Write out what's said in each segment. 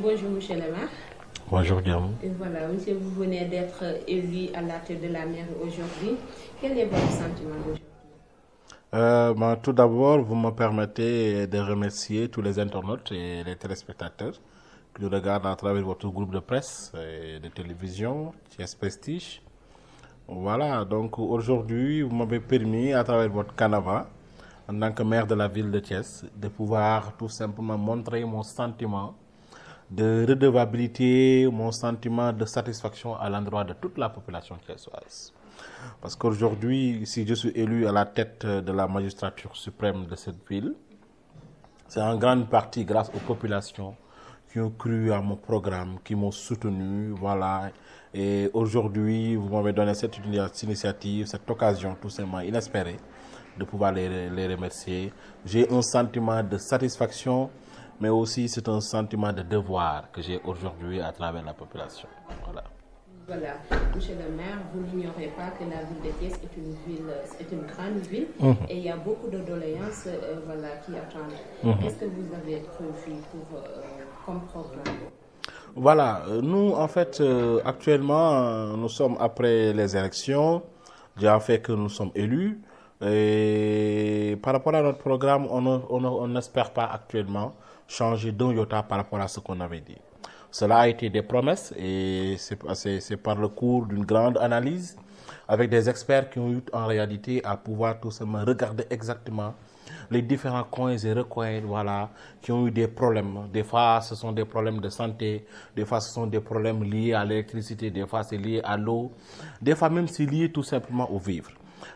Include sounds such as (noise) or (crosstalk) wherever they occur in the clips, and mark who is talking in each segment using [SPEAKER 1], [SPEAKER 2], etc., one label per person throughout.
[SPEAKER 1] Bonjour, monsieur Lema. Bonjour, Guillaume. voilà, monsieur, vous venez d'être élu à la tête de la mairie aujourd'hui. Quel est votre sentiment aujourd'hui
[SPEAKER 2] euh, ben, Tout d'abord, vous me permettez de remercier tous les internautes et les téléspectateurs qui nous regardent à travers votre groupe de presse et de télévision, TS Prestige. Voilà, donc aujourd'hui, vous m'avez permis, à travers votre canava, en tant que maire de la ville de Thiès, de pouvoir tout simplement montrer mon sentiment de redevabilité, mon sentiment de satisfaction à l'endroit de toute la population soit Parce qu'aujourd'hui, si je suis élu à la tête de la magistrature suprême de cette ville, c'est en grande partie grâce aux populations qui ont cru à mon programme, qui m'ont soutenu, voilà. Et aujourd'hui, vous m'avez donné cette initiative, cette occasion tout simplement inespérée de pouvoir les, les remercier. J'ai un sentiment de satisfaction mais aussi c'est un sentiment de devoir que j'ai aujourd'hui à travers la population. Voilà.
[SPEAKER 1] Voilà, Monsieur le maire, vous n'ignorez pas que la ville de Thiès est une ville, une grande ville mhm. et il y a beaucoup de doléances euh, voilà, qui
[SPEAKER 2] attendent. Qu'est-ce mhm. que vous avez prévu pour, euh, comprendre Voilà, euh, nous en fait actuellement nous sommes après les élections, déjà fait que nous sommes élus et par rapport à notre programme on n'espère pas actuellement changer d'un iota par rapport à ce qu'on avait dit. Cela a été des promesses et c'est par le cours d'une grande analyse avec des experts qui ont eu en réalité à pouvoir tout simplement regarder exactement les différents coins et recoins voilà, qui ont eu des problèmes. Des fois, ce sont des problèmes de santé, des fois, ce sont des problèmes liés à l'électricité, des fois, c'est lié à l'eau, des fois, même, c'est lié tout simplement au vivre.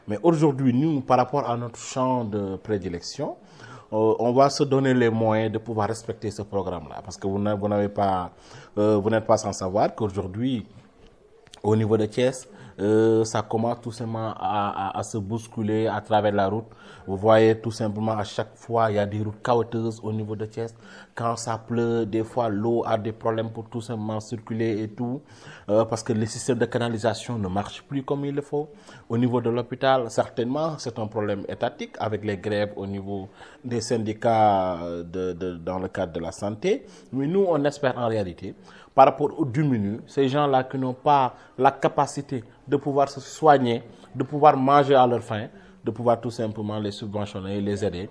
[SPEAKER 2] Mais aujourd'hui, nous, par rapport à notre champ de prédilection, euh, on va se donner les moyens de pouvoir respecter ce programme-là. Parce que vous pas, euh, n'êtes pas sans savoir qu'aujourd'hui, au niveau de caisses. Euh, ça commence tout simplement à, se bousculer à travers la route. Vous voyez tout simplement à chaque fois, il y a des routes caoteuses au niveau de Thiès. Quand ça pleut, des fois l'eau a des problèmes pour tout simplement circuler et tout, euh, parce que les systèmes de canalisation ne marche plus comme il le faut. Au niveau de l'hôpital, certainement, c'est un problème étatique avec les grèves au niveau des syndicats euh, de, dans le cadre de la santé. Mais nous, on espère en réalité, par rapport aux minutes, ces gens-là qui n'ont pas la capacité de pouvoir se soigner, de pouvoir manger à leur faim, de pouvoir tout simplement les subventionner et les aider.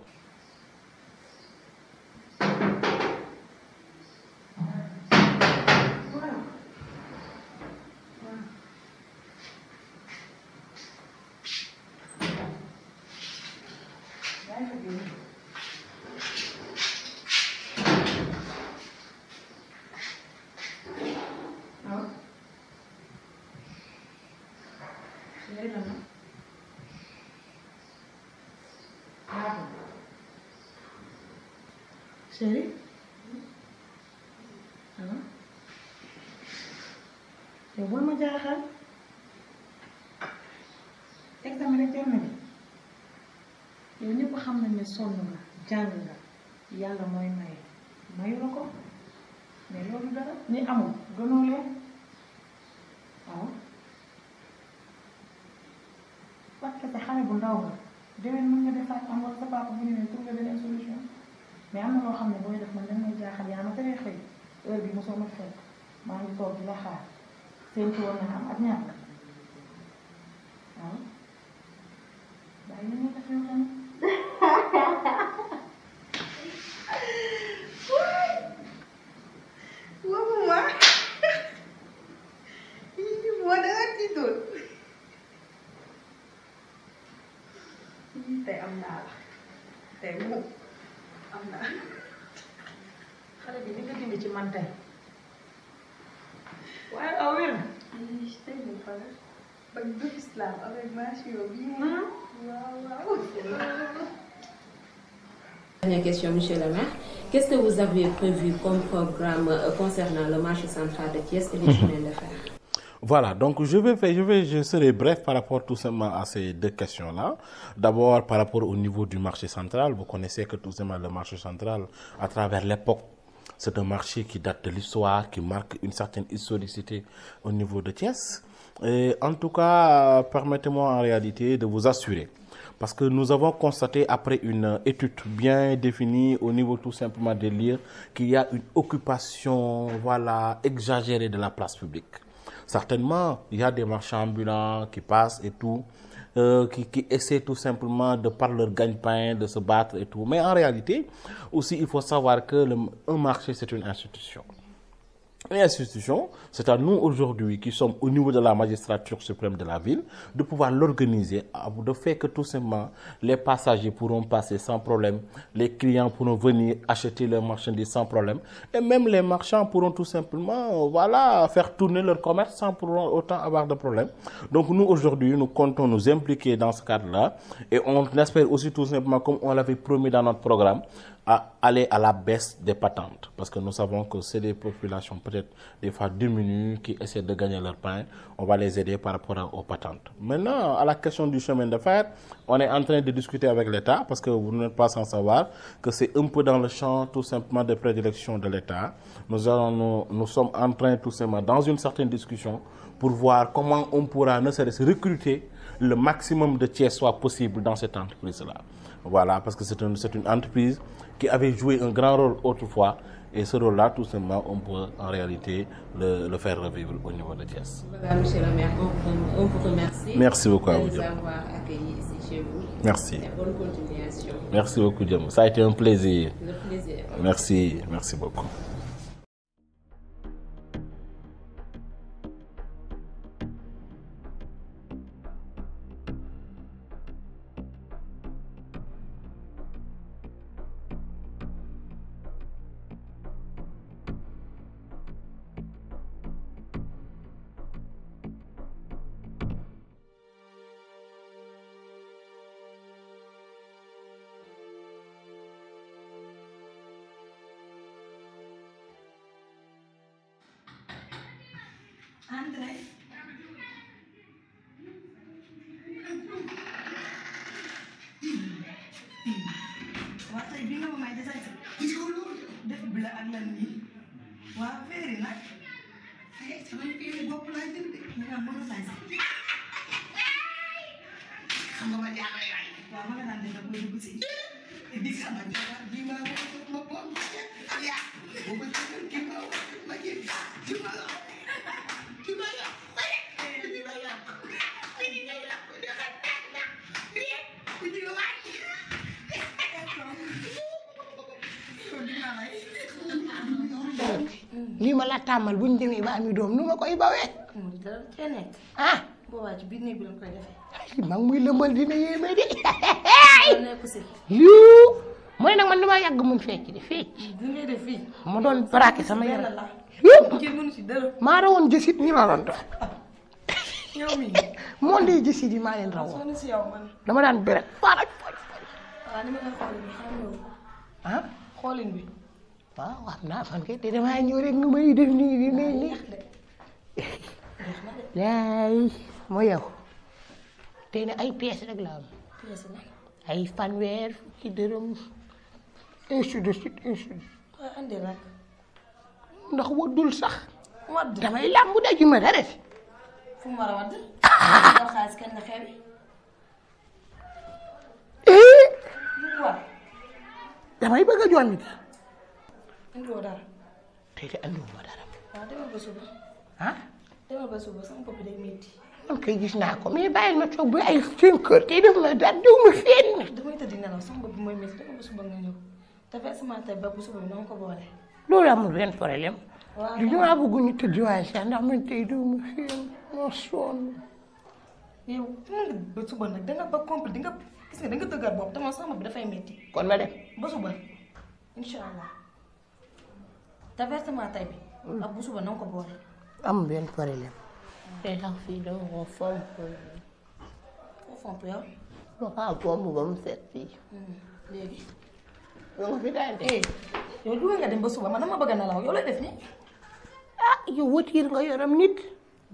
[SPEAKER 1] ശരി yow bul ma jaaxal examen rek jar na ni yow xam nañ ne sonn nga jàng nga yàlla mooy may mayu la ko mais loolu dara ñi amul gënoo leen waaw parce que xale bu ndaw nga déwén mën nga defaat amoon sa papa bu ñu ne pour nga solution mais am na loo xam ne booy def man dañ may jaaxal yaa ma teree xëy heure bi mosoo ma xëy maa ngi toog di la xaar séntu woon am ak ñàkk waaw bàyyi na Hmm? question, monsieur le maire. Qu'est-ce que vous avez prévu comme programme euh, concernant le marché central de Thiès et les (laughs) de fer
[SPEAKER 2] voilà, donc je vais, je vais, je serai bref par rapport tout simplement à ces deux questions-là. D'abord, par rapport au niveau du marché central, vous connaissez que tout simplement le marché central, à travers l'époque c'est un marché qui date de l'histoire, qui marque une certaine historicité au niveau de Thiès. Et en tout cas, permettez-moi en réalité de vous assurer. Parce que nous avons constaté, après une étude bien définie au niveau tout simplement de l'île qu'il y a une occupation voilà, exagérée de la place publique. Certainement, il y a des marchands ambulants qui passent et tout, euh, qui, qui, essaient tout simplement de par leur gagne-pain, de se battre et tout. Mais en réalité, aussi, il faut savoir que le, un marché, c'est une institution et institutions, c'est à nous aujourd'hui qui sommes au niveau de la magistrature suprême de la ville, de pouvoir l'organiser, de faire que tout simplement les passagers pourront passer sans problème, les clients pourront venir acheter leurs marchandises sans problème, et même les marchands pourront tout simplement voilà, faire tourner leur commerce sans pour autant avoir de problème. Donc nous aujourd'hui, nous comptons nous impliquer dans ce cadre-là, et on espère aussi tout simplement, comme on l'avait promis dans notre programme, à aller à la baisse des patentes. Parce que nous savons que c'est des populations peut-être des fois diminuées qui essaient de gagner leur pain. On va les aider par rapport aux patentes. Maintenant, à la question du chemin de fer, on est en train de discuter avec l'État parce que vous n'êtes pas sans savoir que c'est un peu dans le champ tout simplement de prédilection de l'État. Nous, allons, nous, nous sommes en train tout simplement dans une certaine discussion pour voir comment on pourra ne serait-ce recruter le maximum de tiers soit possible dans cette entreprise-là. Voilà, parce que c'est une, une entreprise qui avait joué un grand rôle autrefois et ce rôle-là, tout simplement, on peut en réalité le, le faire revivre au niveau de Thiès. Madame, monsieur le maire, on, vous remercie. Merci beaucoup à vous. De nous
[SPEAKER 1] avoir accueillis ici chez vous. Merci. Et bonne continuation.
[SPEAKER 2] Merci beaucoup, Diamo. Ça a été un plaisir. Le plaisir. Merci, merci beaucoup.
[SPEAKER 1] Andre. Wah, ibu nggak mau aja saja. Dulu, deh belakang lagi. Wah, very nice. Ayo, jangan pilih gue pelajar deh. Nggak mau
[SPEAKER 2] lii ma la tàmmal bu ñu demee ba doom nu ma koy bawee.
[SPEAKER 1] dara ah. boobaa ci la koy defee.
[SPEAKER 2] maa ngi muy lëmbal dina yéeme di.
[SPEAKER 1] (laughs)
[SPEAKER 2] lii mooy nag man dama mun fecc de fecc. fii. ma doon braqué sama yaram. maa rawoon jësit ñi ma doon doon.
[SPEAKER 1] (laughs) yow mii. moo
[SPEAKER 2] maa leen rawoon. dama daan beret.
[SPEAKER 1] ah. xoolin bi. waaw
[SPEAKER 2] xam naa fan kay te damaa ñëw rek nga may def nii di nii. yaay mooy yow. tey
[SPEAKER 1] ay pièces rek laa am. ay fanweer fukki dërëm.
[SPEAKER 2] ainsi de suite
[SPEAKER 1] ainsi de suite.
[SPEAKER 2] ndax waddul sax. wadd damay làmb daju ma dara.
[SPEAKER 1] fu mu war a wadd. Ah! xaalis kañ la xew.
[SPEAKER 2] Eh! damay bëgg a jommi de. indiwoo dara. tey de indiwuma dara.
[SPEAKER 1] waaw demal ba suba. ah. demal ba suba sama bopp day métti.
[SPEAKER 2] man kay gis naa ko mais bàyyi ma toog ba ay seen kër tey def ma dara diw
[SPEAKER 1] ma fenn. damay tëdd nelaw sama bopp mooy métti demal ba suba nga ñëw te versement tey ba bu suba bi na ko boole.
[SPEAKER 2] loolu amul benn problème.
[SPEAKER 1] waaw li ma bëgg
[SPEAKER 2] ñu tëdd waaye sax ndax man tey diw ma fenn ma sonn. yow ba
[SPEAKER 1] suba nag danga ba compli di nga. gis nga da nga dëgër bopp te moom sama bi dafay metti kon ma dem ba suba insha allah te versement tey bi ak bu suba na ko boole
[SPEAKER 2] am benn problème
[SPEAKER 1] tey tax fii dama ko fomp ko fomp yow ma kaa fomp ba mu set fii léegi yow fi daante yow dugal nga dem ba suba man dama bëgg nelaw yow lay def ni ah yow iya, wëtiir nga ya, yoram nit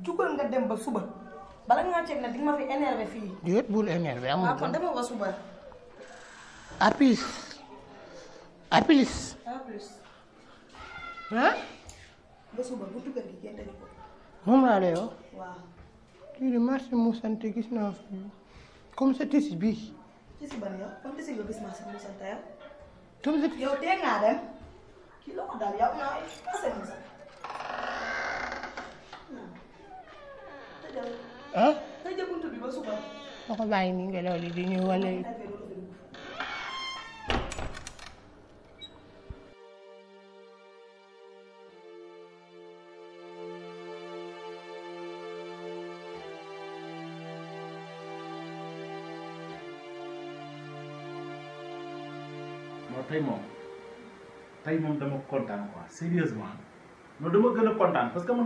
[SPEAKER 1] jugal nga dem ba suba bala nga nanti ne di ma fi énervé fii
[SPEAKER 2] apa? bul énervé amul kon dama ba suba a plus a plus a plus ah
[SPEAKER 1] ba suba bu ya? gi génn ko
[SPEAKER 2] moom laa lay nafsu? waaw lii de marché mu sant gis naa fi comme sa tis bi
[SPEAKER 1] tis ban yow comme tis dari gis marché mu sant yow comme dem dal ọkọ báyìí ní ìgbẹ́lẹ̀ òdìdí ní wọlé.
[SPEAKER 2] tey moom tey moom dama kontaan quoi sérieusement non dama gën a kontaan parce que man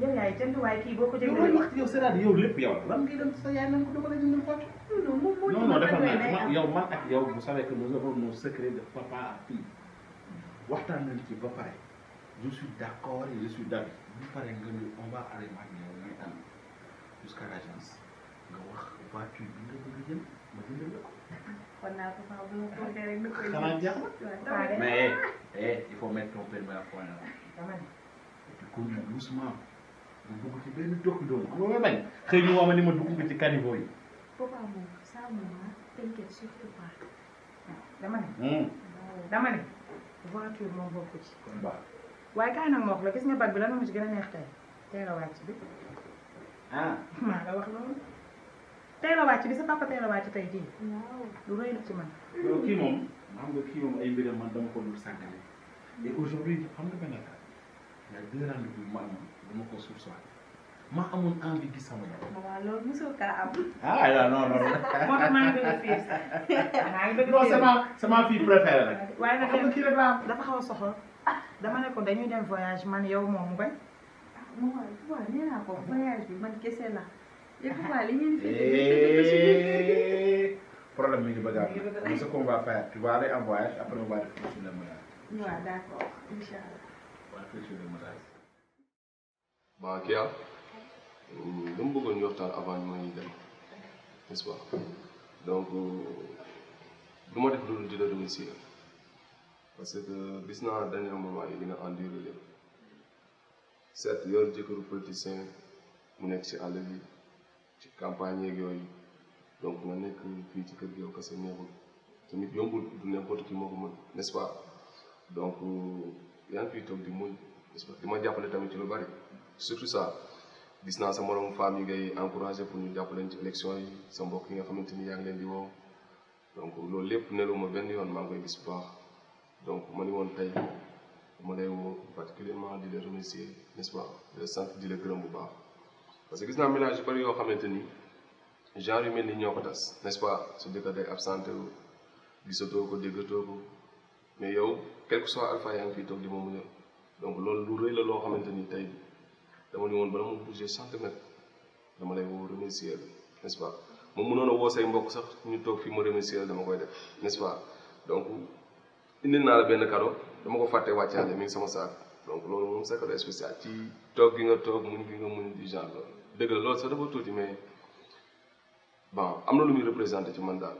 [SPEAKER 1] yow yaay jënduwaay kii boo ko jëndee. yow wax yow
[SPEAKER 2] c'est-à-dire yow lépp yow la lan ngay dem sa yaay nan ko dama la jëndal xottu. non non non dafa naa yow man ak yow vous savez que nous avons nos secrets de papa à fille waxtaan nañ ci ba pare je suis d'accord et je suis d'avis bu paree nga ni on va arriver yow ngay ànd jusqu'à l'agence nga wax voiture bi nga bëgg a jël ma jëndal la ko.
[SPEAKER 1] kon naa ko sax bu ma toogee rek. xanaa jeex na mais
[SPEAKER 2] eh il faut mettre ton permis à point là. dama ne. te conduis doucement. mu dugg ci benn doppi doom xam nga may bañ xëy woo ma ni ma dugg nga ci caniveau yi.
[SPEAKER 1] papa hmm. waaye kaay nag ma wax la gis nga bag bi lan moo ci gën a neex a bi. ah maa la wax loolu. teel a bi sa papa teel a wàcc tey jii. waaw ci man. loolu kii moom
[SPEAKER 2] xam nga kii moom ay mbiram man dama ko dul sàggane. et aujourd'hui xam nga a deux rendez-vous ma amoon dama ko soupçonné ma amoon envie gis sama yaram.
[SPEAKER 1] waaw loolu mosoo kaa am. ah non non non. moo tax maa ngi bëgg a fiir sax. maa ngi bëgg non sama sama fille préférée la. waaye nag xam nga kii rek laa am. dafa xaw a soxla ah dama ne ko dañuy dem voyage man yow moom mu bañ. ah moom waaw nee naa ko voyage bi man kese la. yëpp waa li ngeen fi déglu
[SPEAKER 2] eh, problème mi ngi bëgg a am. ce qu'on va
[SPEAKER 1] faire tu vas aller en voyage après on va réfléchir le mariage. waaw d'accord incha allah. on va réfléchir le mariage. ba Kya lu mu bëggoon ñu waxtaan avant ñu ngi dem n'est-ce pas donc euh, du ma def loolu di la remercier parce que gis naa dernier moment yi dina enduré leen certes yor jëkkëru politicien mu nekk ci àll bi ci campagne yeeg yooyu donc nga nekk fii ci kër gi yow kese neexul tamit yombul du n'importe qui moo ko mën n'est-ce pas donc euh, yaa ngi fiy toog di muñ n'est-ce pas di ma jàppale tamit ci lu bari. surtout ça disna naa sa moroom femmes yi ngay encourager pour ñu jàpp ci élection yi sa mbokk yi nga xamanteni ni yaa ngi leen di wo donc loolu lépp nelawuma benn yoon maa ngi koy gis bu baax donc ma ni woon tey ma lay woo particulièrement di la remercier n'est-ce pas di la sant di la gërëm bu baax parce que gis naa ménage yu bëri yoo xamante ni genre yu mel ni ñoo ko tas n'est-ce pas su jëkkër day absenté wu gisatoo ko déggatoo ko mais yow quelque que soit alpha yaa ngi fii toog di moomu ñëw donc loolu lu rëy la loo xamante ni tey dama ñu woon bala ma bouger centimètre dama lay woo remercier la nest moom mënoon a woo say mbokk sax ñu toog fii ma remercier la dama koy def n'est-ce pas donc indil naa la benn cadeau dama ko fàtte wàccaale mi ngi sama saak donc loolu moom sa cadeau spécial ci toog gi nga toog muñ gi nga muñ di genre loolu dëgg la loolu sax dafa tuuti mais bon am na lu muy représenté ci man daal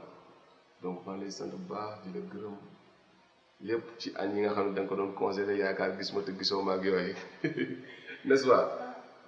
[SPEAKER 1] donc maa ngi lay sant bu baax di la gërëm lépp ci añ yi nga xam ne da ko doon conseillé yaakaar gis ma te gisoo ma ak yooyu n'est-ce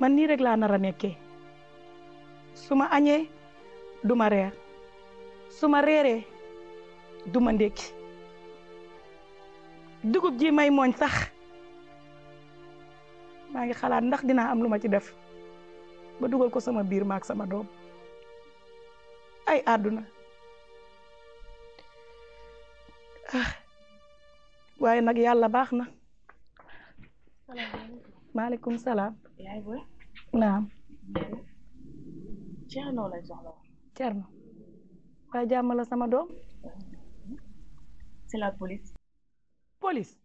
[SPEAKER 1] man nii rek laa nar a nekkee su ma añee du ma reer su ma reeree du ma ndékki dugub ji may mooñ sax maa ngi xalaat ndax dinaa am lu ma ci def ba dugal ko sama biir maak sama doom ay àdduna ah. waaye nag yàlla baax na maaleykum salaam yaay booy. naam. Thierno lay soxla. Thierno. waaye jàmm la sama doom. c'est la police. police.